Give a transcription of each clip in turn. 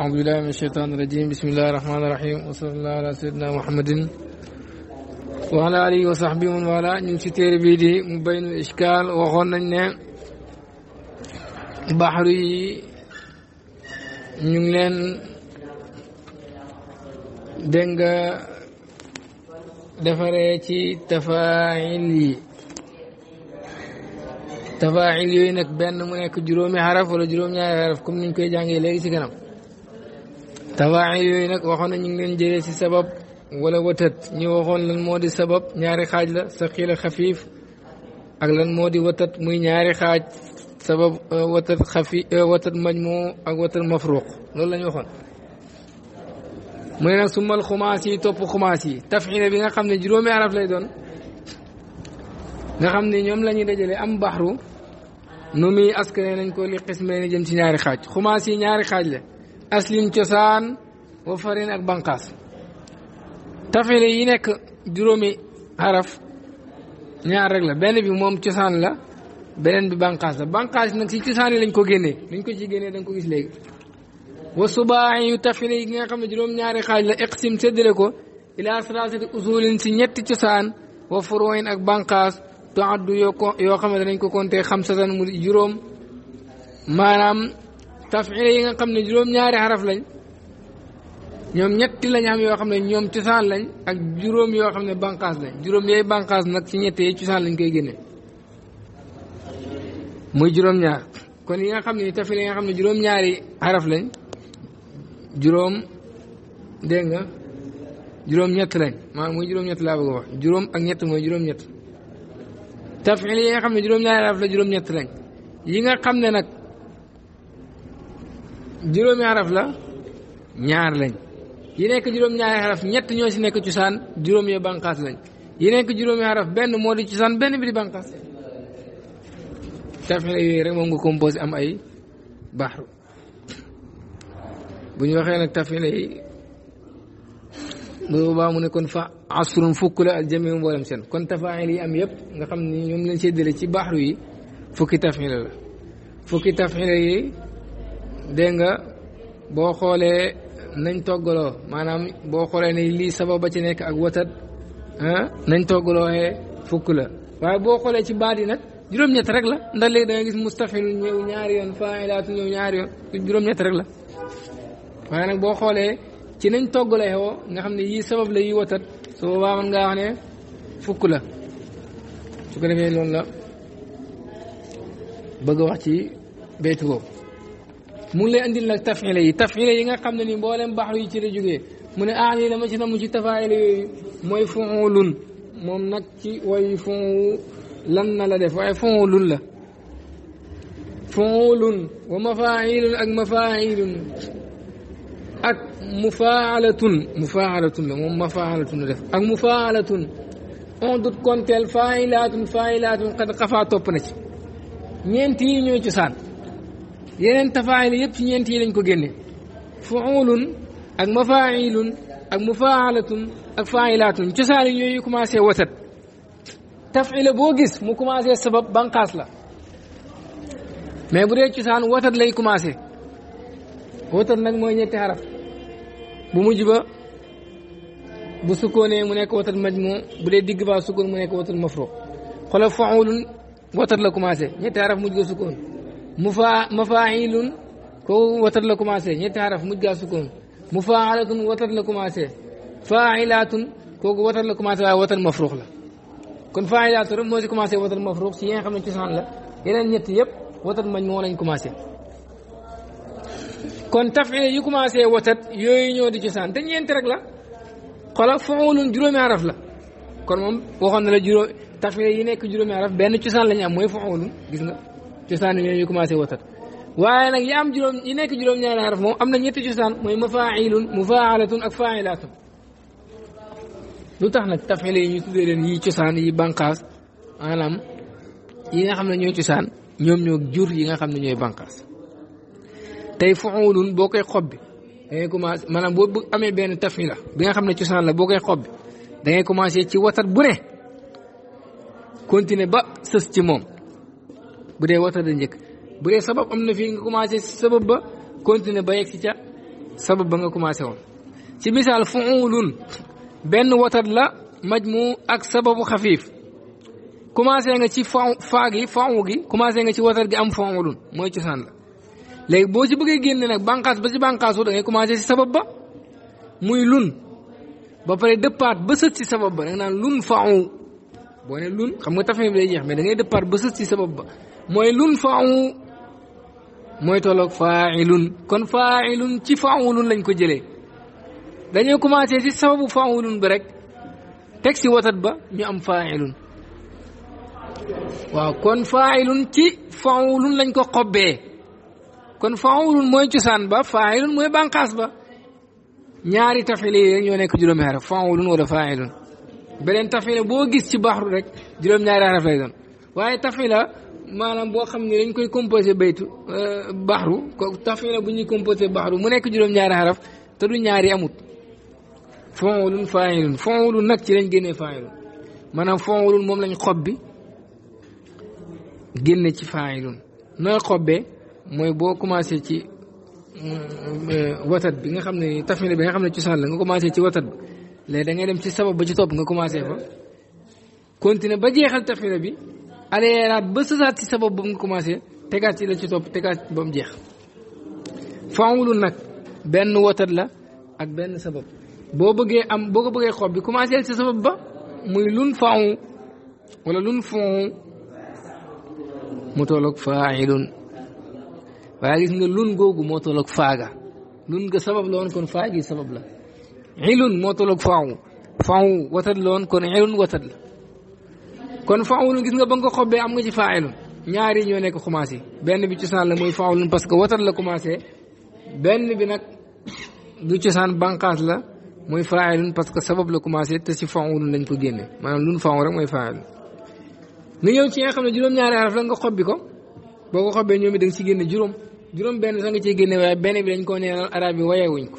أعوذ بالله من الشيطان الرجيم بسم الله الرحمن الرحيم وصلى الله على سيدنا محمد وعلى آله وصحبه من والاه ñu ci téere bii di mu bayn ishkaal waxoon nañ ne baxru yi ñu ngi leen dégg nga defaree tafaa'il yooyu nag benn mu nekk juróomi xaraf wala juróom-ñaari xaraf comme niñ koy jàngee léegi ci kanam tafaa'il yooyu nag waxoon na ñu ngi leen jëlee ci sabab wala watat ñu waxoon lan moo di sabab ñaari xaaj la saqiil a xafiif ak lan moo di watat muy ñaari xaaj sabab euh, watat xafi euh, watat majmu ak watat mafruq loolu la ñu waxoon mu ne nag sumal xumaas yi topp xumaas yi tafxiila bi nga xam ne juróomi araf lay doon nga xam ne ñoom la ñuy dajale am baxru nu muy askane nañ ko li xismee na jëm ci ñaari xaaj xumaas ñaari xaaj la aslin cosaan wa farin ak banqaas tafile yi nekk juróomi xaraf ñaar rek la benn bi moom cosaan la beneen bi banqaas la banqaas nag si cosaan yi lañ ko génnee luñ ko ci génnee dañ nga ko gis léegi wa subaayi yu tafile nga xam ne juróom ñaari xaaj la iqsim séddale ko ilaa salaasati usulin si ñetti cosaan wa furuin ak banqaas toaddu yoo ko yoo xam ne danañ ko compter xamsatan mu juróom maanaam tafila yi nga xam ne juróom ñaari xaraf lañ ñoom ñetti lañ am yoo xam ne ñoom lañ ak juróom yoo xam ne bànqaas lañ juróom yooyu nag ci ñett yi cosaan lañ koy génne muy juróom ñaar kon yi nga xam ne tafila yi nga xam ne juróom ñaari xaraf lañ juróom dégg nga juróom ñett lañ maanaam muy juróom ñett laa bëgg a wax juróom ak ñett mooy juróom ñett tafil yi nga xam ne juróom-ñaari araf la juróom-ñett lañ yi nga xam ne nag juróomi araf la ñaar lañ yi nekk juróom-ñaari araf ñett ñoo si nekk cosaan juróom ya banqaas lañ yi nekk juróomi araf benn moo di cosaan benn bi di banqaas tafil yooyu rek moom nga composé am ay baxru bu ñu waxee nag tafil yi bu boobaa mu ne kon fa asrun fukk la al jami seen kon tafaayil yi am yëpp nga xam ni ñoom lañ séddale ci baxru yi fukki tafxila la fukki tafxila yi dégg nga boo xoolee nañ toggaloo maanaam boo xoolee ne lii sabab ba ci nekk ak watat ah, nañ toggaloo fukk la waaye boo xoolee ci baat yi nag juróom-ñett rek la ndax léegi da gis mustafil ñëw ñaari yoon faa'ilaatu ñëw ñaari yoon juróom-ñett rek la waaye nag boo xoolee ci nañ togg lay xoo nga xam ne yii sabab la yii watat su boobaa mën ngaa wax ne fukk la su ko defee loolu la bëgg wax ci baytu boobu mu ngi lay andil nag tafxile yi tafxile yi nga xam ne ni mboolem baxru yi ci la jógee mu ne aal yi dama ci namu ci tafaayile yooyu mooy fuulun moom nag ci way fuu lan na la def waaye fuulun la fuulun wa mafailun ak mafailun ak mu mufaalatun la moom mafaalatun la def ak mu on dut konteel faa'ilaatun faa'ilaatun xad xafaa topp na ci ñeent yi ñooy cosaan yeneen tafaayil yëpp ci ñeent yi lañ ko génne fuulun ak mafailun ak mufaalatun ak faa'ilaatun cosaan yi ñooy commencé wasat tafila boo gis mu commencé sabab bankaas la mais bu dee cosaan wasat lay commencé wasat nag mooy ñetti xaraf bu mujj ba bu sukkoonee mu nekk watal majmu bu dee digg ba sukkoon mu nekk watal mafruq xoolal faulun watar la commencé ñetti araf mujj ga sukkoon mufa mafailun kooku watar la commencé ñetti araf mujj ga sukkoon mufaalatun watar la commencé faailatun kooku watar la commencé waaye watal mafruq la kon faailatun rek moo si commencé watal mafruq si yi nga xam ne cosaan la yeneen ñett yëpp watal majmu lañ commencé kon tafil yi commencé watat yooyu ñoo di cosaan te ñeent rek la xoolal faulun juróomi araf la kon moom waxoon na la juróom tafil yi nekk juróomi araf benn cosaan la ñu am mooy faulun gis nga cosaan yooyu ñu commencé watat waaye nag yi am juróom yi nekk juróom-ñaari araf moom am na ñetti cosaan mooy ma mafailun mufaalatun ak failatun lu tax nag tafil yi ñu tuddee leen yi cosaan yi bànqaas yi nga xam ne ñooy cosaan ñoom ñoo jur yi nga xam ne ñooy bànqaas tey fuulun boo koy xob bi da ngay commencé maanaam boo amee benn tafila bi nga xam ne cosaan la boo koy xob bi da ngay commencé ci watat bu ne continuer ba sës ci moom bu dee watat da njëkk bu dee sabab am na fii nga commencé sabab ba continuer ba yegg si ca sabab ba nga commencé woon ci misaal fuulun benn watat la mu ak sababu xafiif commencé nga ci fa faag yi faaw gi commencé nga ci watat gi am fuulun mooy cosaan la léegi boo ci bëggee génne nag bànqaas ba ci bànqaasu da ngay commencé ci sabab ba muy lun ba pare dëppaat ba sët ci sabab ba da nga naan lun faaw boo ne lun xam nga tafin bi day jeex mais da ngay dëppaat ba sët ci sabab ba mooy lun faaw mooy tolloog faailun kon faailun ci faawulun lañ ko jëlee dañoo commencé ci sababu faawulun bi rek teg si watat ba ñu am faailun waaw kon faailun ci faawulun lañ ko xobbee kon faawulun mooy cosaan ba faa'ilun mooy banqaas ba ñaari tafile yi rek ñoo nekk juróomi xaraf faawulun wala faa'ilun beneen tafila boo gis ci baxru rek juróom-ñaari xaraf lay doon waaye tafila maanaam boo xam ne dañ koy composé baytu euh, baxru ko tafila bu ñuy composé baxru mu nekk juróom-ñaari xaraf te du ñaari amut faawulun faa'ilun faawulun nag ci lañ génnee faa'ilun maanaam faawulun moom lañ xob bi génne ci faa'ilun mooy boo commencé ci euh, watat bi nga xam ne tafmila bi nga xam ne cosaan la nga commencé ci watat bi léegi da ngay dem ci sabab ba ci topp nga commencé fa continuer ba jeexal tafmila bi aleeraat ba sësaat ci sabab boobu nga commencé tegaat ci la ci topp tegaat ba mu jeex faawulu nag benn watet la ak benn sabab boo bëggee am boo ko bëggee xob bi commencé ci sabab ba muy lun faawu wala lun faawu mu tolloog faa'ilun waaye gis nga lun googu moo tolloog faaga lun nga sabab la woon kon faa sabab la ilun moo tolloog faawu faawu watat la woon kon ilun la kon faawulun gis nga ba nga ko xobbee am nga ci faa faailun ñaari ñoo nekk commencé benn bi cosaan la mooy faawulun parce que watat la commencé benn bi nag du cosaan bànqaas la mooy faailun parce que sabab la commencé te si faawulun lañ ko génne maanaam lun faawu rek mooy faawilun nga ñëw ci nga xam juróom-ñaari araf la nga xobbi ko boo ko xobbee ñoom it da nga juróom juróom benn sax nga ciy génne waaye benn bi dañ koo neenal arab yi wayewuñ ko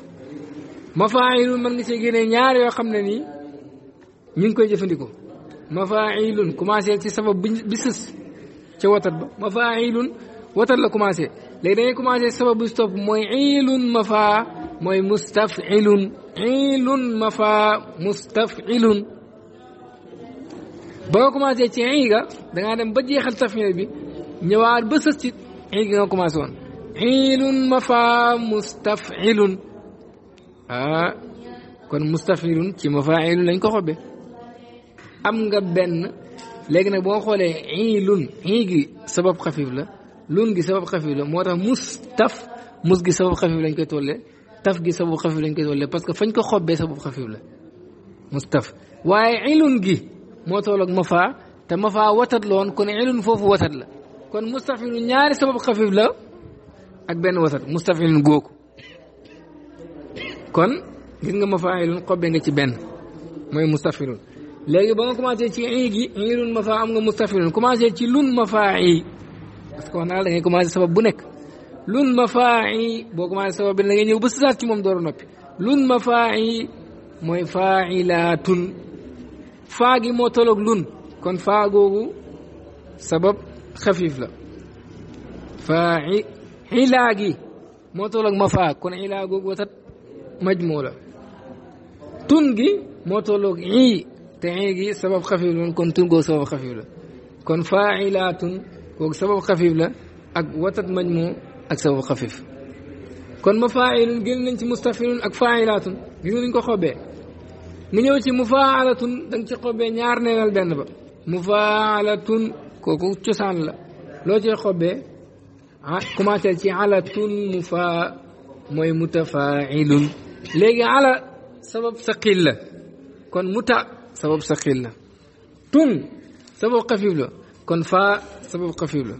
mafaayilun mën nga ciy génne ñaar yoo xam ne nii ñu ngi koy jëfandikoo mafaayilun commencé ci sabab bi sës ca watat ba mafaayilun watat la commencé léegi dañuy commencé sabab bi stop mooy ilun mafaa mooy mustafilun ilun mafaa ba nga commencé ci ii ga da ngaa dem ba jeexal tafil bi ñëwaat ba sës ci ii nga commencé woon xiilun ma faa mustafilun ah kon mustafilun ci ma faa xiilun lañ ko xobbe am nga benn léegi nag boo xoolee xiilun xii gi sabab xafif la lun gi sabab xafif la moo tax mustaf mus gi sabab xafif lañ koy tolle taf gi sabab xafif lañ koy tolle parce que fañ ko xobbee sabab xafif la mustaf waaye ilun gi moo toll ak mafaa te mafaa watat la woon kon ilun foofu watat la kon mustafilun ñaari sabab xafif la ak benn wasat mustafilun gooku kon gis nga ma mafaayilun xobbe nga ci benn mooy mustafilun léegi ba nga commencé ci ii gi iilun mafaa am nga mustafilun commencé ci lun ma faa que wax naa la da ngay commencé sabab bu nekk lun mafaayi boo commencé sabab bi da ngay ñëw ba sasaat ci moom door a noppi lun mafaayi mooy faa'ilaatun faa gi moo toloog lun kon faa googu sabab xafiif la faa'i xilaa gi moo toll ak mafaa kon xilaa googu watat majmuu la tun gi moo toll ak xii te xii gi sabab xafiif la kon tun googu sabab xafiif la kon faa'ilaatun googu sabab xafiif la ak watat majmuu ak sabab xafiif kon mafaa'ilun génn nañ ci mustafilun ak faa'ilaatun gis nga ñu ko xobee nga ñëw ci mufaalatun da nga ci xobee ñaar neelal benn ba mufaalatun kooku cosaan la loo cee xobee commencer ah, ci ala tun mufa mooy mutafailun léegi ala sabab saqil la kon muta sabab saqil la tun sabab xafif la kon fa sabab xafif la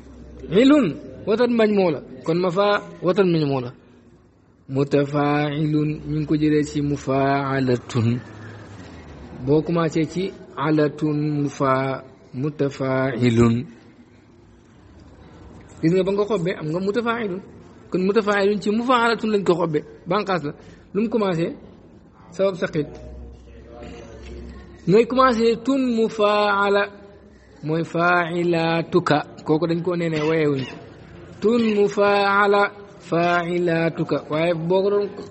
ilun watat mañ moo la kon ma fa watat mañ moo la mutafailun ñu ngi ko jëlee ci mufaalatun boo commencé ci alatun mufa mutafailun gis nga ba nga xobbee am nga mutafaayilun kon mutafaayilun ci mufaalatun lañ ko xobbee bànqaas la lu mu commencé sabab saqit ngay commencé tun mufaala mooy faailatuka kooku dañ koo nee ne wayewuñ ko tun mufaala faailatuka waaye boo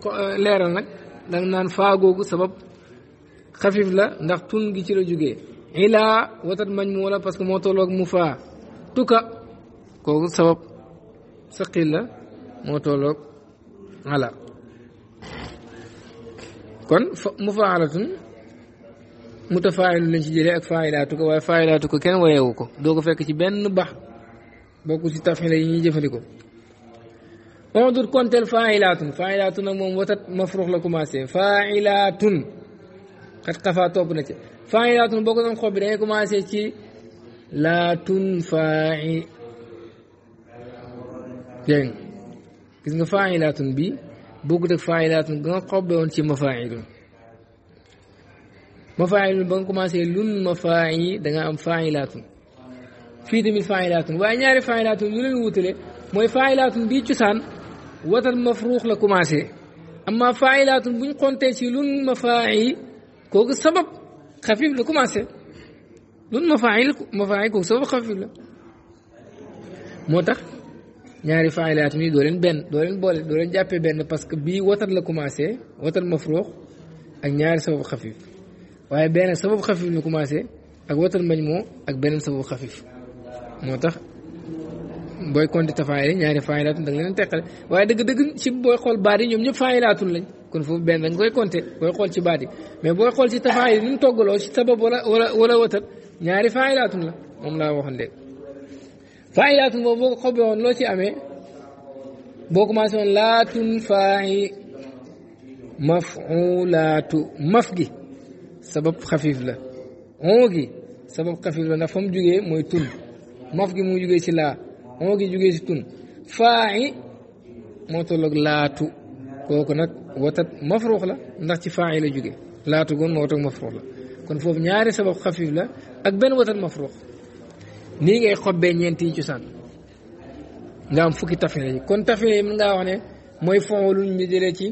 ko leeral nag danga naan faagoogu sabab xafif la ndax tun gi ci la jógee ilaa watat mañ mu wala parce moo tolloog mu faa tuka kooku sabab saqil la moo tolloog ala kon mu faalatun mutafaayilu lañ ci jëlee ak faayilaatu ko waaye faayilaatu ko kenn wayeewu ko doo ko fekk ci benn ba bokku ci tafila yi ñuy jëfandikoo on dut konteel faayilaatun faayilaatun nag moom watat mafruux la commencé faayilaatun xat xafaa topp na ci faayilaatun boo ko doon xob bi dangay commencé ci laatun faayi dégg nga gis nga faayilaatun bi bokkut ak faayilaatun ga nga xobbe woon ci mafaayilun mafaayilun ba nga commencé lun mafaayi da nga am fa'ilatun fi tamit fa'ilatun waaye ñaari fa'ilatun ñu leen wutale mooy faayilaatun bii cosaan watal mafruukh la commencé amma fa'ilatun buñ xontee ci lun mafaayi kooku sabab khafif la commencé lun mafaayi mafaayi kooku sabab khafif la motax ñaari faayilaat ñuy doo benn doo leen boole doo leen jàppee benn parce que bii watar la commencé watar mafruux ak ñaari sabab xafif waaye benn sabab xafif ñu commencé ak watar mañ moo ak beneen sabab xafif moo tax booy compté tafaayil ñaari faayilaatun da nga leen teqale waaye dëgg-dëgg ci booy xool baat yi ñoom ñëpp faayilaatun lañ kon foofu benn da nga koy compté booy xool ci baat yi mais booy xool ci tafaayil ni mu toggaloo ci sabab wala wala wala watar ñaari faayilaatun la moom laa waxoon de faa'ilaatun boobu boo ko xobe woon loo ci ame boo commencé woon laatu faa'i maf'ulaatu maf gi sabab xafiif la on gi sabab xafiif la ndax fa mu jugee mooy tun maf gi mu jugee ci laa on gi jugee ci tun faa'i moo tolloog laatu kooku nag watat mafruux la ndax ci faa'i la jugee laatu goon moo toog mafruux la kon foofu ñaari sabab xafiif la ak benn watat mafruux nii ngay xobbee ñeenti cosaan nga fukki tafila kon tafila yi ngaa wax mooy faa'ilun ñu jëlee ci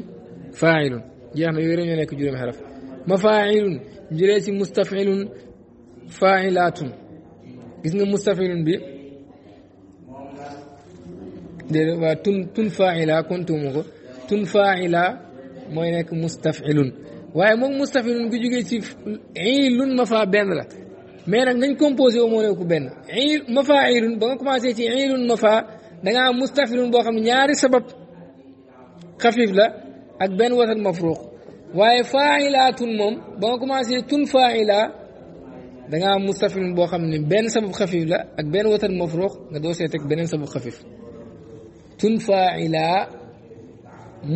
faa'ilun jeex na yooyu rek ci mustaf'ilun faa'ilaatun gis nga mustaf'ilun bi déedéet waa tun tun kon tuumu tun faa'ila mooy nekk mustaf'ilun waaye moom mustaf'ilun gu jógee ma faa benn la mais nak nañ composé wu moo ko ben il mafailun ba nga commencé ci iilun mafa da nga am mustafilun boo xam ñaari sabab khafif la ak ben wasal mafruq waye failatun mom ba nga commencé tun faila da nga am mustafilun boo xam ne benn sabab khafif la ak ben wasal mafruq nga do see ak benen sabab khafif tun faila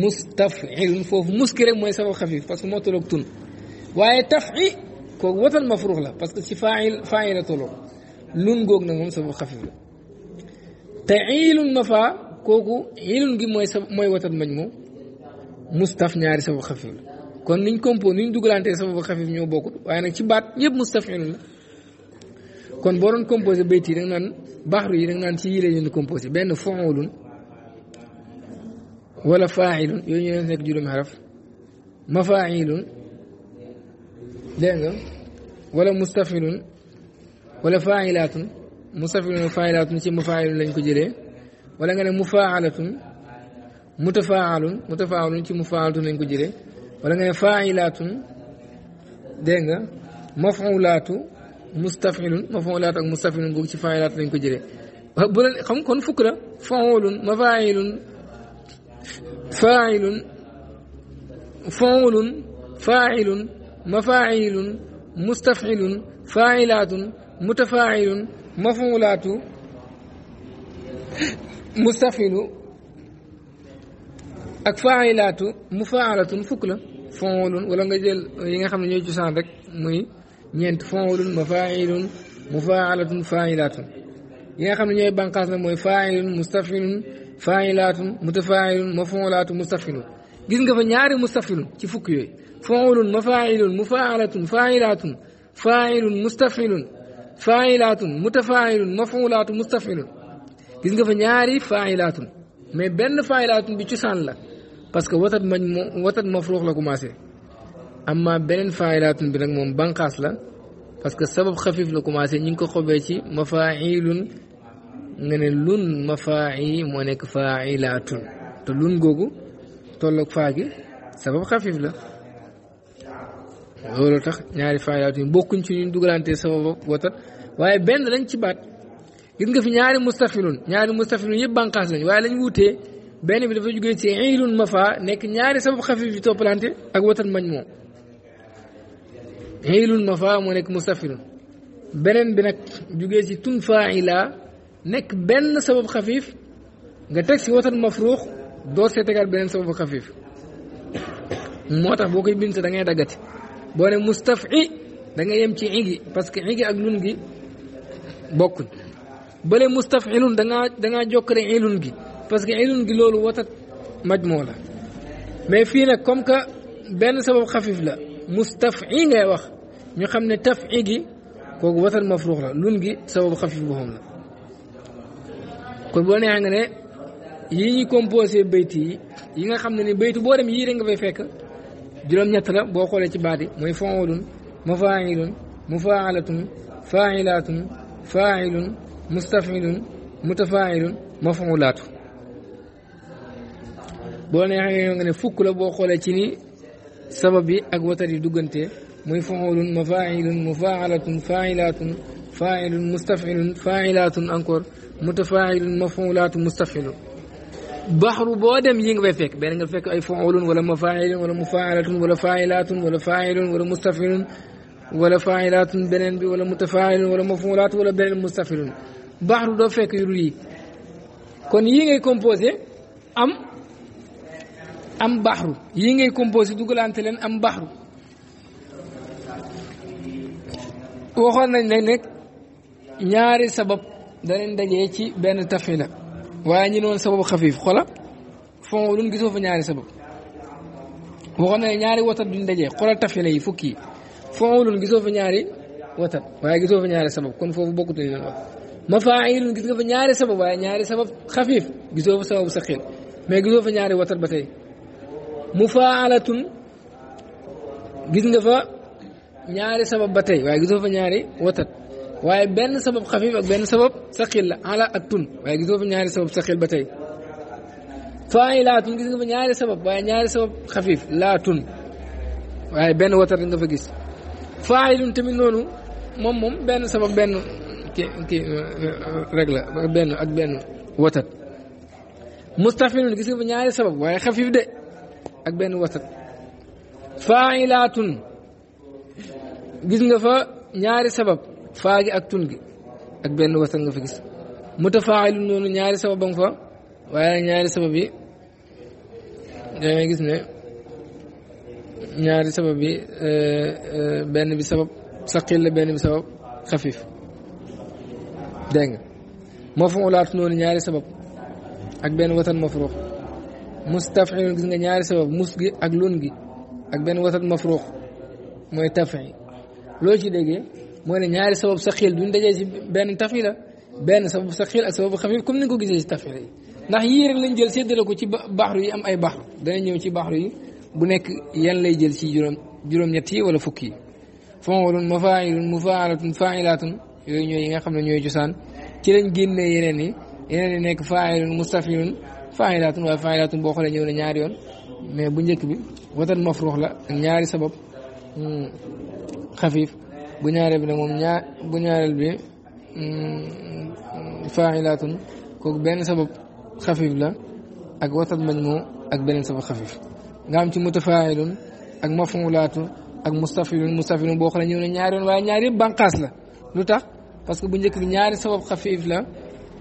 mustafilun fofu muskire moy sabab khafif parce que mo tolok tun waye tafi كو وتل مفروغ لا باسكو سي فاعل فاعله تولو لون غوك نا موم سبب خفيف لا تعيل مفا كوكو عيل غي موي موي وتل مجمو مستف نياري سبب خفيف كون نين كومبو نين دوغلانتي سبب خفيف نيو بوكو واي نا سي بات ييب مستفعل لا كون بورون كومبوزي بيتي دا نان بحر يي دا نان سي يي لا نين كومبوزي بن فعولن ولا فاعل يوني نك جورم حرف مفاعيل dégg nga wala mustafilun wala faa'ilatun mustafilun ci mufaa'ilun lañ ko jëlee wala nga ne mufaalatun mutafaalun mutafaalun ci mufaalatun lañ ko jëlee wala nga ne faa'ilatun dégg nga mafuulaatu mustafilun mafuulaatu ak mustafilun ci faa'ilatun lañ ko jëlee bu la kon fukk la faulun mafailun faailun mafaayilun mustafilun faayilaatun mutafaayilun mafuulaatu mustafilu ak faayilaatu mufaalatun fukk la fonwulun wala nga jël yi nga xam ne ñooy cosaan rek muy ñeent fonwulun mafaayilun mufaalatun faayilaatun yi nga xam ne ñooy bànqaas nag mooy faayilun mustafilun faayilaatun mutafaayilun mafuulaatu mustafilu gis nga fa ñaari mustafilun ci fukk yooyu فعل مفاعل مفاعلة فاعلات فاعل مستفعل فاعلات متفاعل مفعولات مستفعل gis nga fa ñaari faa'ilaatun mais benn faa'ilaatun bi cosaan la parce que watat mañ mo watat mafruux la commencé amma beneen faa'ilaatun bi nag moom banqaas la parce que sabab xafif la commencé ñi ngi ko xobee ci mafaa'ilun nga ne lun mafaa'i moo nekk faa'ilaatun te lun googu tolloog faa gi sabab xafif la loolu tax ñaari faa'idaat yi bokkuñ ci ñun dugalante sababa watat waaye benn lañ ci baat gis nga fi ñaari mustafilun ñaari mustafilun yëpp bànqaas lañ waaye lañ wutee benn bi dafa jóge ci ilun mafa nekk ñaari sabab xafif yi toppalante ak watat mañ moom mafa moo nekk mustafilun beneen bi nag jógee ci tun faila nekk benn sabab xafif nga teg si watat mafruux door see tegaat beneen sabab xafif moo tax boo koy bind da ngay daggati boo ne mustafi da nga yem ci igi parce que igi ak nun gi bokkuñ bële mustafilun da ngaa da ngaa jokkale ilun gi parce que ilun gi loolu watat majmoo la mais fii nag comme que benn sabab xafif la mustafi ngay wax ñu xam ne tafi gi kooku watat mafruux la lun gi sabab xafif boxam la kon boo ne nga ne yi ñuy composé bayti yi yi nga xam ne ni beytu boo dem yii rek nga fay fekk juróom-ñett la boo xoolee ci baati mooy faolun mafailun mufaalatun failatun failun mustafilun mutafailun mafaulaatu boo neexee nga ne fukk la boo xoolee ci ni sabab bi ak watar yi duggante muy faolun mafailun mufaalatun failatun failun mustafilun failatun encore mutafailun mafaulaatu mustafilun baxru boo dem yi nga fay fekk benn nga fekk ay faulun wala mafailun wala mufaalatun wala failatun wala failun wala mustafilun wala failatun beneen bi wala mutafaailun wala mafuulaat wala beneen mustafilun baxru doo fekk yu dul yi kon yii ngay composé am am baxru yii ngay composé dugalante leen am baxru waxoon nañ ne nag ñaari sabab da leen ci benn tafila waaye ñi noonu sababu xafiif xola fon luñ gisoo fa ñaari sabab waxoon na ñaari watat du dajee xoolal tafila yi fukki yi fon luñ gisoo fa ñaari watat waaye gisoo fa ñaari sabab kon foofu bokkut nañ leen wax mafaa'ilun gis ñaari sabab waaye ñaari sabab xafiif gisoo fa sababu saxiir mais gisoo fa ñaari watat ba tey mufaalatun gis nga fa ñaari sabab ba tey waaye gisoo fa ñaari watat waaye benn sabab xafiif ak benn sabab saxil la ala ak tun waaye ñaari sabab saxil ba tey faay laa tun gis nga fa ñaari sabab waaye ñaari sabab xafiif laa tun waaye benn watar nga fa gis faayilun tamit noonu moom moom benn sabab benn kii kii rek la benn gis nga fa ñaari sabab waaye xafiif de ak benn watat faayilaatun gis nga fa ñaari sabab faa gi ak tun gi ak benn wasal nga fa gis mutafaa'ilun noonu ñaari sabab nga fa waaye ñaari sabab yi gis ne ñaari sabab yi euh, euh, benn bi sabab saqil la benn bi sabab xafiif dégg nga moo fa ulaatu noonu ñaari sabab ak benn wasal mafruux mustaf'ilun gis nga ñaari sabab mus gi ak lun gi ak benn wasal mafruux mooy tafi loo ci déggee mooy ne ñaari sababu saxiil duñ dajee si benn tafila benn sababu saxiil ak sababu xafiif comme ni nga ko gisee si tafila yi ndax yii rek lañ jël séddale ko ci baxru yi am ay baxru dana ñëw ci baxru yi bu nekk yan lay jël ci juróom juróom-ñett yi wala fukki yi fonwalun mafailun mufaalatun failatun yooyu ñooy yi nga xam ne ñooy cosaan ci lañ génnee yeneen yi yeneen yi nekk faailun mustafilun failatun waaye failatun boo xoolee ñëw na ñaari yoon mais bu njëkk bi watan mafruux la ñaari sabab xafiif bu ñaaree bi nag moom ñaar bu ñaareel bi faaxilaatun kooku benn sabab xafif la ak wasat mañ moo ak beneen sabab xafif nga am ci mutafaaxilun ak mafuulaatu ak mustafilun mustafilun boo xam ne ñëw na ñaari yoon waaye ñaar yëpp bànqaas la lu tax parce que bu njëkk bi ñaari sabab xafif la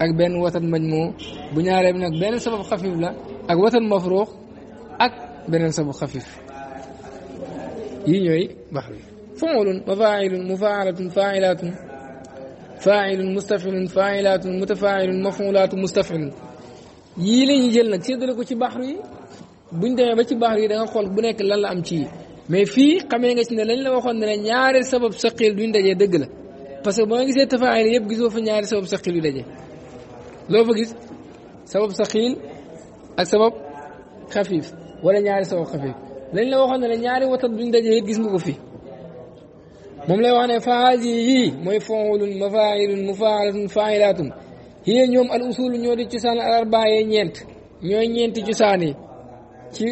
ak benn wasat mañ moo bu ñaaree bi nag benn sabab xafif la ak wasat mafruux ak beneen sabab xafif yi ñooy bax bi فعل وفاعل مفاعلة فاعلات فاعل مستفعل فاعلات متفاعل مفعولات مستفعل yii la ñuy jël nag séddale ko ci baxru yi buñ demee ba ci baxru yi da nga xool bu nekk lan la am ci mais fii xamee nga ci ne lañ la waxoon ne ne ñaari sabab saqil duñ dajee dëgg la parce que boo gisee tafaayil yëpp gisoo fa ñaari sabab saqil yu dajee loo fa gis sabab saqil ak sabab xafiif wala ñaari sabab xafiif lañ la waxoon ne ne ñaari watat duñ dajee it gis nga ko fii moom lay wax ne faas yi yii mooy faulun mu mufaalatun failatun hiya ñoom al usul ñoo di cosaan al arbaa yee ñeent ñooy ñeenti cosaan yi ci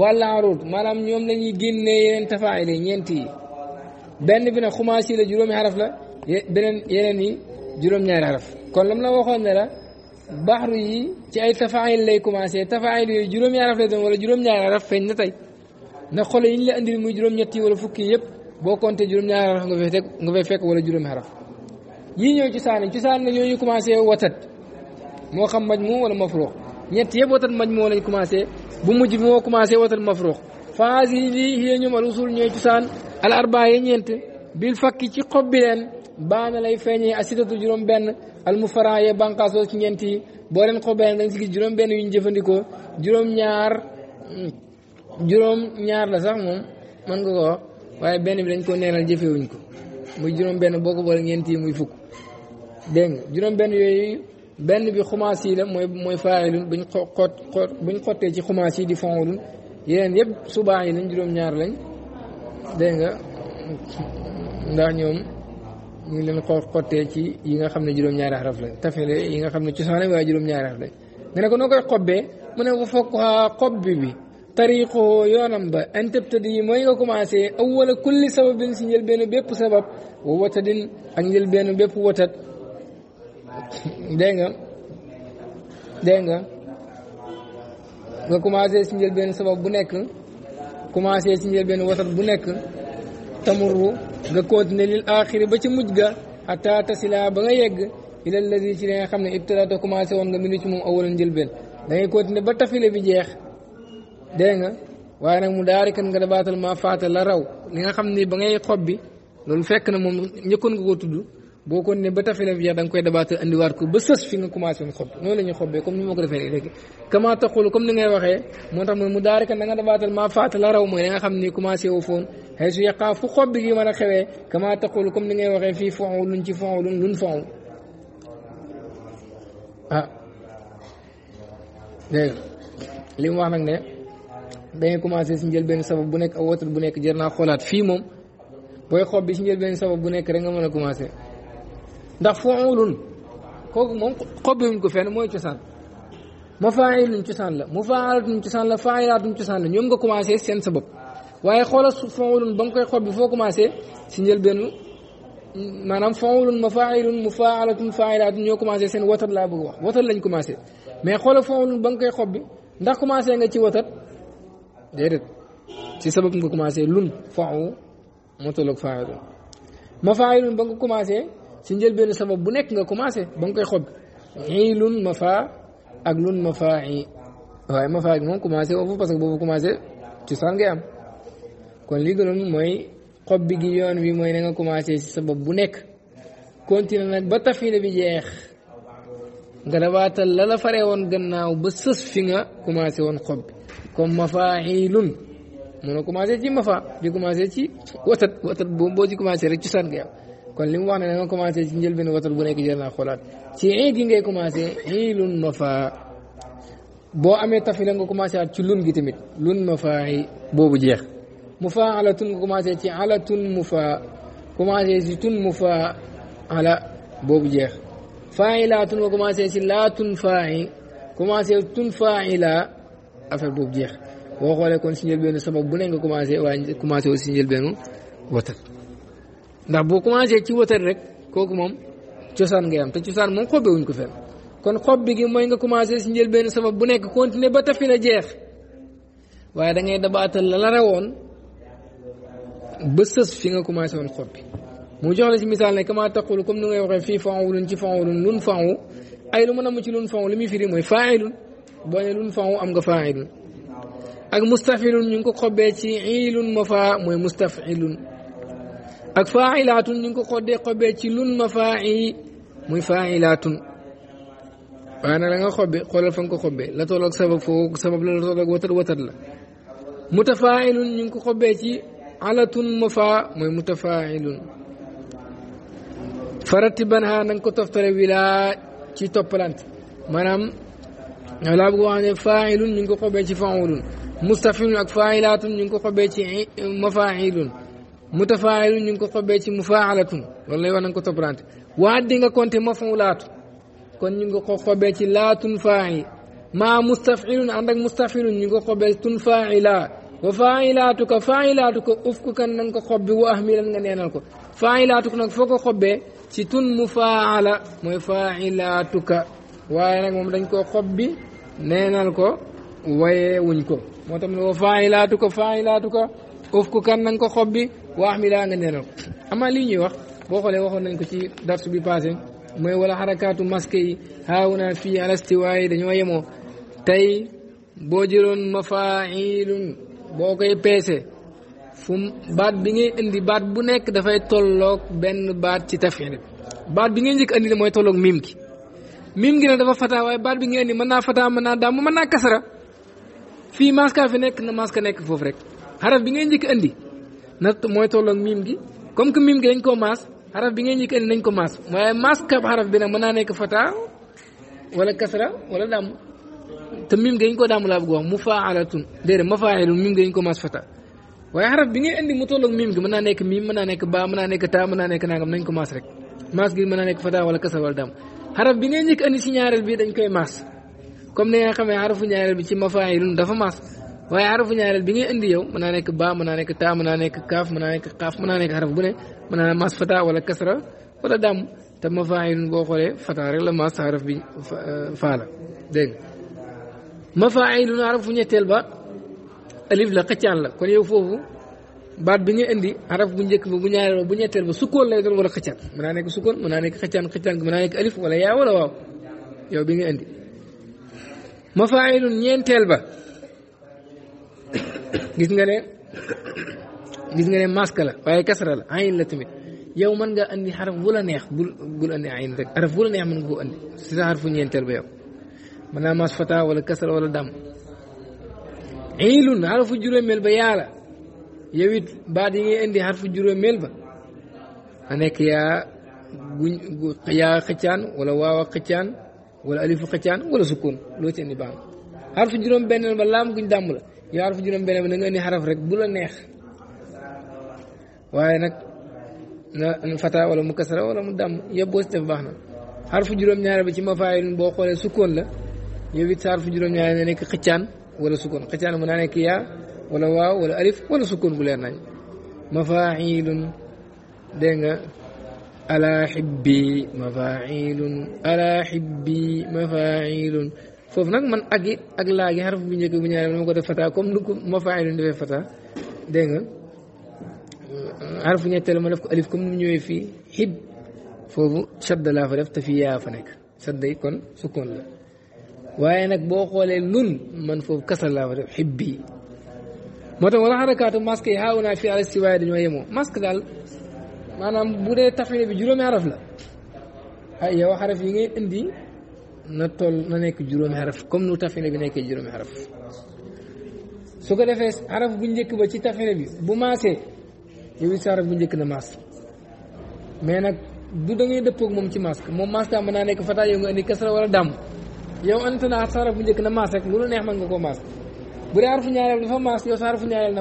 wàllu aruud maanaam ñoom la ñuy génnee yeneen tafaayil yi ñeent benn bi na xumaas yi la juróomi xaraf la beneen yeneen yi juróom-ñaari xaraf kon lam la waxoon ne la baxru yi ci ay tafaayil lay commencé tafaayil yooyu juróomi xaraf lay doon wala juróom-ñaari xaraf na tey na xolo yi la andil muy juróom-ñett yi wala fukki yëpp boo compté juróom ñaar xaraf nga fay fekk nga fay fekk wala juróomi xaraf yii ñëw ci saani ci saan nag ñooñu commencé watat moo xam maj mu wala mafruux ñett yëpp watat maj moo lañ commencé bu mujj bi moo commencé watat mafruux phase yi lii yée ñoom al usul ñooy ci saan al arbaa yi ñeent bil fakki ci xob bi leen baana lay feeñee asidatu juróom benn al mufaraa yee banqaasoo ci ñeenti boo leen xobee dañ si juróom benn yu ñu jëfandikoo juróom ñaar la sax moom mën waaye benn bi dañ ko neenal jëfewuñ ko muy juróom-benn boo ko boole ñeenti yi muy fukk dégg nga juróom-benn yooyu benn bi xumaas yi la mooy mooy faayilun buñ xot xot buñ xottee ci xumaas yi di fonwulun yeneen yëpp subaa yi lañ juróom-ñaar lañ dégg nga ndax ñoom ñu ngi leen xot xottee ci yi nga xam ne juróom-ñaari xaraf lañ tafele yi nga xam ne cosaane waaye juróom-ñaari xaraf lañ nga ne ko noo koy xobbee mu ne ko fokk ah, xob bi bi tariquhu yoonam ba an tabtadi mooy nga commencé awala kulli sababin si njëlbeenu bépp sabab wa watadin ak njëlbeenu bépp watat dégg nga dégg nga nga commencé si njëlbeenu sabab bu nekk commencé si njëlbeenu watat bu nekk tamurru nga continuer lil axiri ba ci mujj ga xataa tasila ba nga yegg ila alladi ci nga xam ne commencé woon nga minu ci moom awala njëlbeen da ngay continuer ba tafile bi jeex dégg nga waaye nag mu daari kan nga dabaatal maa faata la raw li nga xam ni ba ngay xob bi loolu fekk na moom njëkkoon nga ko tudd boo ko ne ba tafilaf ya da nga koy dabaatal andiwaat ko ba sës fi nga commencé woon xob noonu la ñuy xobbee comme ni ko defee nii léegi kama comme ni ngay waxee moo tax mooy mu daari kan da nga dabaatal maa faata la raw ni commencé woo foon xëy su yaqaa fu xob a xewee kama taqulu comme ni ngay waxee fii fon luñ ci fon luñ luñ fon ah dégg li mu wax nag ne dangay commencé si njëlbeen sabab bu nekk ak wootat bu nekk jër naa xoolaat fii moom booy xob bi si njëlbeen sabab bu nekk rek nga mën a commencé ndax fuulun kooku moom xobbiwuñ ko fenn mooy cosaan mafaayilun cosaan la mufaalatun cosaan la faayilaatun cosaan la ñoom nga commencé seen sabab waaye xoolal fuulun ba nga koy xob bi foo commencé si njëlbeenu maanaam fuulun mafaayilun mufaalatun faayilaatun ñoo commencé seen watat laa bëgg wax watat lañ commencé mais xoolal fuulun ba nga koy xob bi ndax commencé nga ci watat déedéet ci sabab nga commencé lun fa'u mutallaq fa'ilun mafaa'ilun ba nga commencé ci njëlbéenu sabab bu nekk nga commencé ba nga koy xob xiilun mafaa ak lun mafaa'i waaye mafaa gi moom commencé woo que boobu commencé ci saan ngay am kon li gënoon mooy xob bi gi yoon wi mooy na nga commencé ci sabab bu nekk continué nag ba tafila bi jeex nga dabaatal la la faree woon gannaaw ba sës fi nga commencé woon xob bi ma comme mafailun mun a commencé ci mafa di commencé ci watat watat boobu boo ci commencé rek cosaan nga yam kon li mu wax ne da nga commencé ci njëlbeen watat bu nekk jël naa xoolaat ci iid yi ngay commencé iilun mafa boo amee tafila nga commencé at ci lun gi tamit lun mafaai boobu jeex mufaalatun nga commencé ci alatun mufa commencé ci tun mufa ala boobu jeex faa'ilaatun nga commencé ci laatun faa'i commencé tun faa'ila affaire boobu jeex boo xoolee kon si njëlbeenu sabab bu ne nga commencé waaye commencé aussi si njëlbeenu watar ndax boo commencé ci watar rek kooku moom cosaan ngay am te cosaan moom xobbe wuñ ko fenn kon xob bi gi mooy nga commencé si njëlbeenu sabab bu nekk continuer ba tafi na jeex waaye da ngay dabaatal la la rawoon ba sës fi nga commencé woon xob bi mu jox la si misaal ne kama taqulu comme ni ngay waxee fii fanwu lu mën a mu ci lun fanwu li muy firi boolelun fa'u am ga fa'ilun ak mustafilun ñu ngi ko xobbee ci iilun ma faa mooy mustafilun ak faa'ilaatun ñu ngi ko xoddee xobbee ci lun ma faa'i muy faa'ilaatun waaye nag la nga xobbe xoolal fa ko xobbee la toll ak sabab foofu sabab la la toll ñu ngi ko xobbee ci alatun mooy mutafaa'ilun farati banha na nga ko toftale wilaa ci toppalante maanaam laa bëgg wax ne faailun ñu ngi ko xobee ci faulun mustafilun ak faailatun ñu ngi ko xobee ci mafailun mutafaailun ñu ngi ko xobee ci mufaalatun loolu lay wax na nga ko toppalante waa di nga compter mafaulaatu kon ñu ngi ko xobee ci laatun fail maa mustafilun ànd ak mustafilun ñu ngi ko xobee tun faaila wa faa'ilaatu ka faa'ilaatu ka uf ku kan na nga ko xobbi wa ahmilan nga neenal ko faa'ilaatu nag foo ko xobbee ci tun mu faala mooy faa'ilaatu ka waaye nag moom dañ koo xobbi neenal ko woye wuñ ko moo tax mu ne wa faayilaatu ko laatu ko uf ko kan nanga ko xobbi bi waax mi daa nga neenal ko ama lii ñuy wax boo xoolee waxoon nañ ko ci darsu bi passé mooy wala xarakaatu masque yi haawuna fii alastiwaay dañoo yemoo tey boo jëloon mafailun boo koy peese fu baat bi ngay indi baat bu nekk dafay tolloog benn baat ci tafil baat bi ngay njëkk indi mooy tolloog miim gi mim ngi ne dafa fataa waaye baat bi ngeen ni mën naa fataa mën naa daam mën naa kasara fii maska fi nekk na maska nekk foofu rek xaraf bi ngay njëkk andi na mooy tolloog gi comme que mim gi dañ koo bi ngay njëkk andi nañ ko maas waaye maska xaraf nekk fataa wala kasara wala daam te mim gi dañ koo daam laa bëgg wax mu faalatun déedéet ma faayalun mim gi dañ nekk mim mën nekk baa mën nekk naa nekk nañ ko maas rek maas gi mën nekk fataa wala kasara wala daam xaraf bi ngay njëkk andi si ñaareel bi dañ koy maas comme ni nga xamee xarafu ñaareel bi ci mafaayilun dafa maas waaye xarafu ñaareel bi ngay indi yow mën naa nekk baa mën naa nekk taa mën naa nekk kaaf mën naa nekk xaaf mën naa nekk xaraf bu ne mën naa maas fata wala kasra wala dàmm te mafaayilun boo xoolee fata rek la maas xaraf bi euh, faala dégg nga mafaayilun xarafu ñetteel ba alif la xëccaan la kon yow foofu baat bi nga indi araf bu njëkk ba bu ñaareel ba bu ñetteel ba sukkoon lay doon wala xëccaan mën naa sukkoon mën naa nekk xëccaan alif wala yaa wala waaw yow bi nga indi mafaayilun ñeenteel ba gis nga ne gis nga ne masque waaye kasra la yow mën nga andi xaraf bu la neex bul bul andi ayin rek araf neex mën nga ko andi si sa xarfu ñeenteel ba yow mën naa mas fata wala kasra wala dam ilun xarafu juróomeel ba yaa la yow it baat yi ngay indi xarfu juróomeel ba a nekk yaa guñ yaa xëccaan wala waawa xëccaan wala alifu xëccaan wala sukkoon loo ci indi baax xarfu juróom benneel ba guñ dàmm la yow xarfu juróom benneel na nga indi xaraf rek bu la neex waaye nag na fata wala mu kasara wala mu dàmm yëpp boo baax na xarfu juróom-ñaare ba ci mafaayil boo xoolee sukkoon la yow it sa xarfu xëccaan wala sukkoon xëccaan mu nekk yaa wala waaw wala alif wala sukkoon gu leer nañ mafailun dégg nga ala xibbi mafailun ala xibbi mafailun foofu nag man agi ak laagi xaraf bu njëkk bu ñaareel dama ko def fata comme nu ko mafailun defee fata dégg nga xarfu ñetteel ma def ko alif comme nu mu fii xib foofu shadda laa fa def te fi yaa fa nekk shadda yi kon sukkoon la waaye nag boo xoolee lun man foofu kasal laa fa def xibbi moo tax wala xarakaatu masque yi xaaw naa fii àll si waaye dañoo yemoo masque daal maanaam bu dee tafile bi juróomi xaraf la ay yow xaraf yi ngay indi na toll na nekk juróomi xaraf comme nu tafile bi nekkee juróomi ko defee xaraf bu njëkk ba ci tafile bi bu maasee yow it sa xaraf bu njëkk na maas mais nag du da ngay dëppoog moom ci masque moom masque daa mën naa nekk fataa yow nga indi kasra wala dàmm yow ant naa sa xaraf bu njëkk na maas rek lu la neex mën nga koo maas bu dee xarfu ñaareel dafa maas yow sa xarfu ñaareel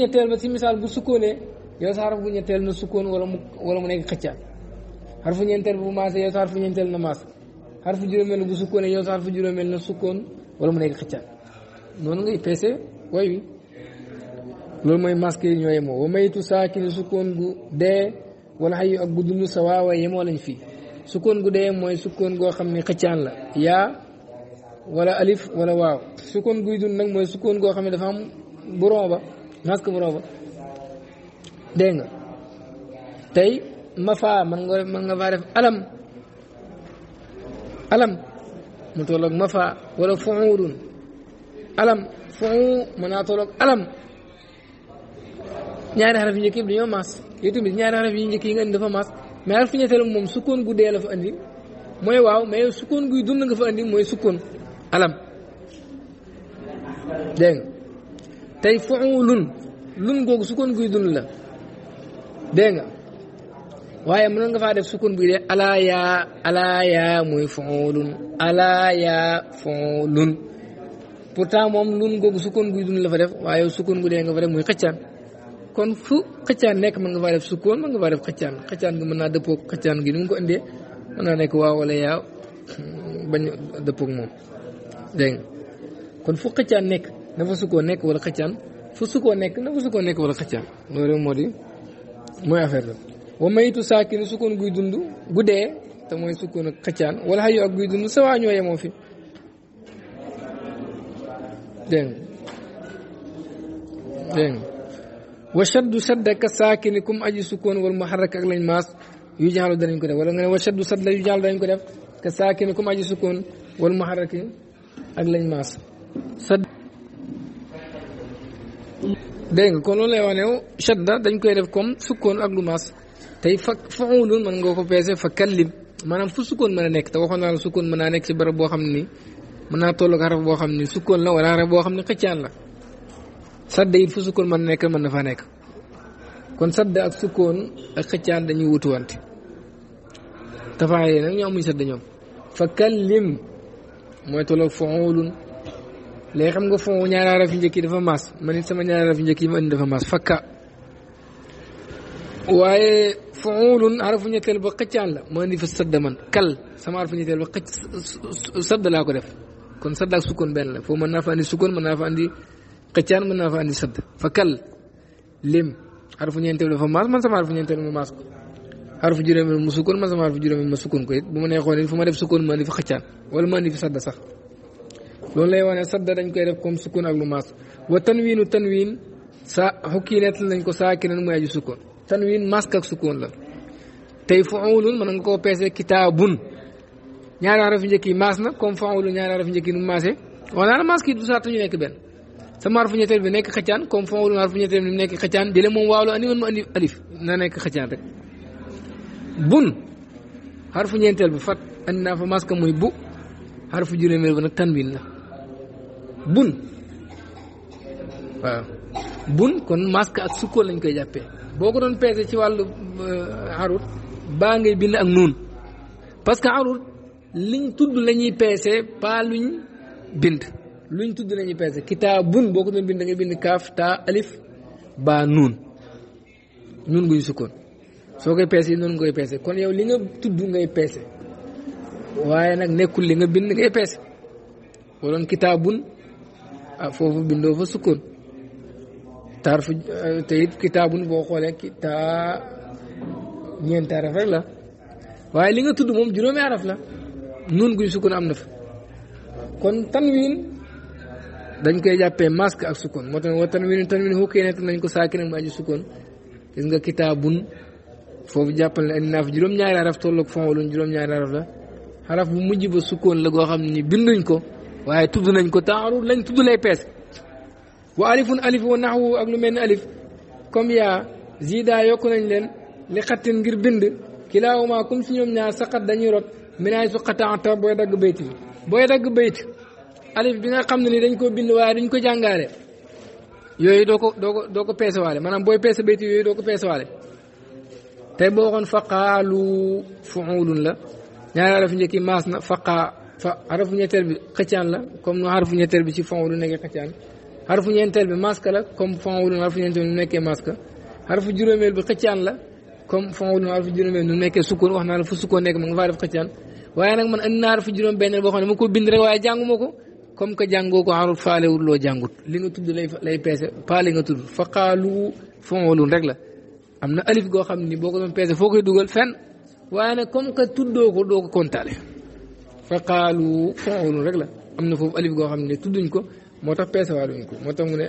ñetteel ba si misaal bu sukkoonee yow sa xarfu ñetteel na sukkoon wala mu wala mu nekk xëccaat xarfu ñeenteel bu maasee yow sa xarfu ñeenteel na maas xarfu juróomeel bu sa xarfu juróomeel na sukkoon wala mu nekk xëccaat noonu ngay peese way wi loolu mooy masque ñoo yemoo wa maytu saakini sukkoon gu dee wala xayu ak gu dund sa waawa yemoo lañ fii sukkoon gu dee mooy sukkoon goo xam ne xëccaan la yaa wala alif wala waaw sukkoon guy dund nag mooy sukkoon goo xam ne dafa am buron ba masque buron ba dégg nga tey ma faa man nga man nga faa def alam alam mu tolloog ma faa wala fuudun alam fuu mën naa alam ñaari xaraf yi njëkk yëpp dañoo yi nga indi dafa maas mais xaraf ñetteel moom sukkoon gu dee la fa andi mooy waaw mais sukkoon guy dund nga fa andi mooy sukkoon alam dégg nga tey fuulun lun googu sukkoon guy dund la dégg nga waaye mënoon nga faa def sukkoon buy dee alaa yaa alaa yaa muy fuulun alaa yaa fuulun pourtant moom lun googu sukkoon guy dund la fa def waaye sukkoon gu dee nga fa def muy xëccaan kon fu xëccaan nekk mën nga faa def sukkoon mën nga faa def xëccaan xëccaan gi mën naa dëppoo xëccaan gi ni ko indee mën naa nekk waaw wala yaa bañ moom dégg nga kon fu xëccaan nekk na sukkoo nekk wala xëccaan fu su nekk na fa su nekk wala xëccaan loolu moo di mooy affaire la wa mayitu saakini sukkoon guy dund guddee te mooy sukkoon ak xëccaan wala xayu ak guy dund sa waa ñoo yemoo fi dégg nga dégg nga wa shaddu shadda ka saakini kum aji sukkoon wal muharrak ak lañ maas yu ko def wala ko def ak lañ maas sa dégg nga kon loolu lay wax ne shadda dañ koy def comme sukkoon ak lu maas tey fa faulun mën nga ko peese fa kallim maanaam fu sukkoon mën a nekk te waxoon naa sukkoon mën naa nekk si barab boo xam ne nii mën naa toll ak xaraf boo xam ne sukkoon la wala xaraf boo xam ne xëccaan la sadda it fu sukkoon mën nekk mën na faa nekk kon sadda ak sukkoon ak xëccaan dañuy wutuwante tafaayee nag ñu amuñ sadda ñoom fa kallim mooy tolloog faulun léegi xam nga fon ñaari araf yu njëkk yi dafa maas man it sama ñaari araf yu njëkk yi ma indi dafa mas fakka waaye faulun arafu ñetteel ba xëccaan la ma indi fa sadda man kal sama arafu ñetteel ba xëcc sadda laa ko def kon sadda ak sukkoon benn la foofu mën naa fa andi sukkoon mën naa fa andi xëccaan mën naa fa andi sadda fa kal lim arafu ñeenteel man sama arafu ñeenteel ma mas ko xarfu juróomeel mu sukkoon ma sama xarfu juróomeel ma sukkoon ko it bu ma neexoon it fu ma def sukkoon ma andi fi xëccaan wala ma andi fi sadda sax loolu lay wane sadda dañ koy def comme sukkoon ak lu maas wa tanwiinu tanwiin sa xukki nettal nañ ko saakinan muy aju sukkoon tanwiin mask ak sukkoon la tey fuulun mën nga koo peese kitaabun ñaari xaraf njëkk yi maas na comme fuulun ñaari xaraf njëkk yi nu maasee wax naa la maas kii du saa ñu nekk benn sama xarfu ñetteel bi nekk xëccaan comme fuulun xarfu ñetteel bi nekk xëccaan jële moom waaw la andi woon mu andi alif na nekk xëccaan rek bun xarfu ñeenteel bi fat andi naa fa maska muy bu xarfu juróomeel ba nag tanwin la bun waaw bun kon maska ak sukkoon lañ koy jàppee boo ko doon peese ci wàllu euh, xarut baa ngay bind ak nuun parce que xarut liñ tudd lañuy ñuy peese pas luñ bind luñ tudd la ñuy peese kitaabun boo ko doon bind da ngay bind kaaf taa alif baa nuun nuun guñ sukkoon soo koy peese gue noonu ngay kon yow li nga tudd ngay peese waaye nag nekkul li nga bind ngay peese waloon kitaabun ah foofu bindoo fa sukkoon tarfu eh, te it kitaabun boo xoolee kitaa ñeenti araf rek la waaye li nga tudd moom juróomi araf la nun guñ sukkoon am fa kon tanwin dañ koy jàppee masque ak sukkoon moo tax wa tanwin tanwin xukkee nekk nañ ko saakinam aji sukkoon gis nga kitaabun foofu jàppal ne indi naa fa juróom-ñaari araf tolloog fon wala juróom-ñaari la araf bu mujj ba sukkoon la xam ni binduñ ko waaye tudd nañ ko taaru lañ tudd lay pees wa alifun alif wa ak lu mel ni alif comme yaa zida yokku nañ leen li xattin ngir bind kilaawuma comme si ñaar saqat dañuy rot minaay su booy dagg bayt bi booy dagg bayt alif bi nga xam ne ni dañ koo bind waaye dañ ko jàngaale yooyu doo ko doo ko doo peesewaale maanaam booy peese bayt yooyu doo ko peesewaale tey boo waxoon faqaalu fuulun la ñaari arafu njëkk yi maas na faqaa fa arafu ñetteel bi xëccaan la comme nu arafu ñetteel bi ci fuulun nekkee xëccaan arafu ñeenteel bi maas la comme fuulun arafu ñeenteel bi nu nekkee maas arafu juróomeel bi xëccaan la comme fuulun arafu juróomeel nu nekkee sukkoon wax naa la fu nekk ma nga faa def xëccaan waaye naa arafu juróom boo xam ne ma ko bind rek waaye jàngu ma ko comme que jàngoo ko arut faalewul loo jàngut li nga tudd lay lay peese pa li nga tudd faqaalu fuulun rek la am na alif goo xam ni boo ko doon peese foo koy dugal fenn waaye nag comme que tuddoo ko doo ko kontaale fa qaalu rek la am na foofu alif goo xam ne tudduñ ko moo tax peese waa duñ ko moo tax mu ne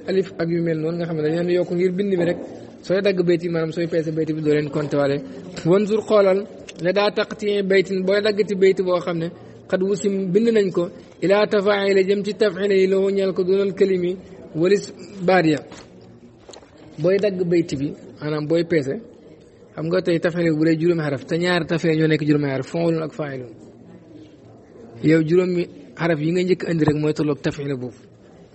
yu mel noonu nga xam ne dañ leen yokk ngir bind bi rek sooy dagg bayti maanaam sooy peese bayti bi doo leen kontaale wanzur xoolal la daa taqti baytin booy daggati bayti boo xam ne xad wusim bind nañ ko ilaa tafaila jëm ci tafila yi loo ñeel ko doonal kalimi walis baat ya booy dagg bayti bi maanaam boy peese xam nga tay tafeel bu lay juróomi xaraf te ñaar tafeel ñoo nekk juróomi xaraf fonulun ak faayilun yow juróomi xaraf yi nga njëkk andi rek mooy tolok tafeel bu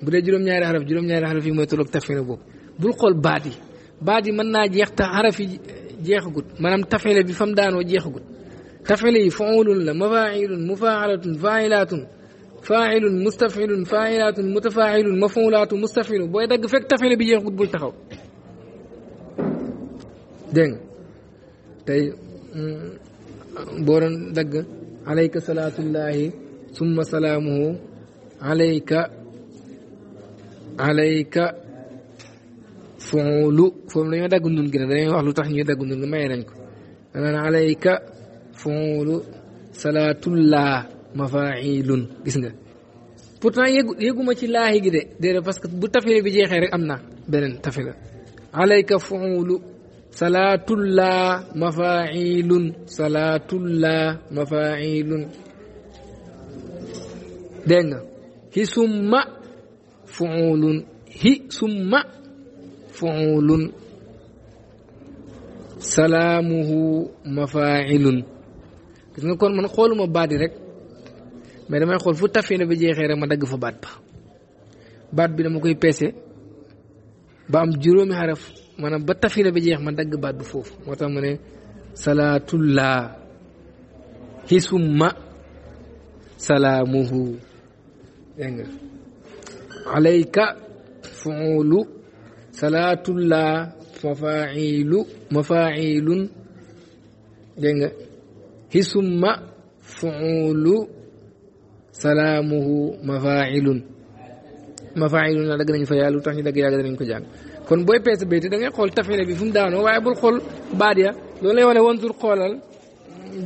bu dee juróom-ñaari xaraf juróom-ñaari xaraf yi mooy tolok tafeel bu bul xol baat yi baat yi mën naa jeex te xaraf yi jeexagut manam tafeel bi fam daanoo jeexagut tafeel yi fonulun la mafailun mufaalatun failatun failun mustafilun failatun mutafailun mafulatun mustafilun booy dagg fekk tafeel bi jeexagut bul taxaw deng tay mm, boran dag alayka salatullahi summa salamuhu alayka alayka fuulu fofu dañoo dagg ndun gi ne dañoo wax lu tax ñu dagg ndun gi maye nañ ko anaan alayka fuulu salatullah mafailun gis nga pourtant yégu yéguma ci laahi gi de déedée parce que bu tafile bi jeexee rek am na beneen tafila alayka fuulu salatullah mafailun salatullah mafailun denga hi summa fuulun hi summa fuulun salamuhu mafailun gis nga kon man xooluma baadi rek mais damay xool fu tafina ba jeexee rek ma dagg fa baat ba baat bi dama koy peese ba am juróomi xaref maanaam ba tafila bi jeex ma dagg baat foofu moo tax mu ne salaatullaa hisumma salaamuhu dégg nga alayka fuulu salaatullaa mafailu mafailun dégg nga hisumma fuulu salaamuhu mafailun mafailun na dagg nañ fa yàlla lu tax ñu dagg yàgg danañ ko jàng kon booy peese bayti da ngay xool tafila bi fu mu daanoo waaye bul xool baat ya loolu lay wane wanzur xoolal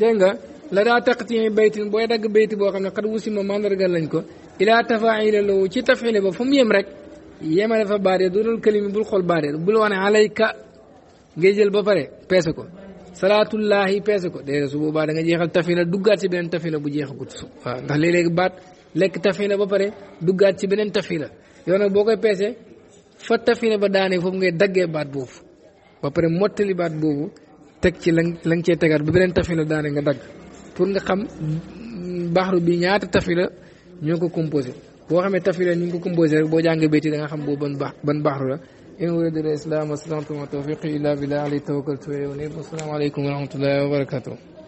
dégg nga la daa taqtii baytin booy dagg bayti boo xam ne xat wusima mandargal lañ ko ilaa tafaila lawu ci tafila ba fu yem rek yemale fa baat ya doonul kalimi bul xool baat ya bul wane alayka ngay jël ba pare peese ko salaatullahi peese ko déedéet su boobaa da nga jeexal tafila duggaat ci beneen tafila bu jeexagut waaw ndax léeg-léegi baat lekk tafila ba pare duggaat ci beneen tafila yow nag boo koy peese fa tafine ba daanee foofu ngay daggee baat boobu ba pare mottali baat boobu teg ci la la nga cee tegaat ba beneen tafine daane nga dagg pour nga xam baxru bi ñaata tafila ñoo ko composé boo xamee tafila ñu ko composé rek boo jàngee béyti da nga xam boobu ban ba ban baxru la in uridu al islam wa salaamtu wa tawfiqi illa billah alayhi tawakkaltu wa ilayhi unib assalaamu aleykum wa rahmatullahi wa barakatuh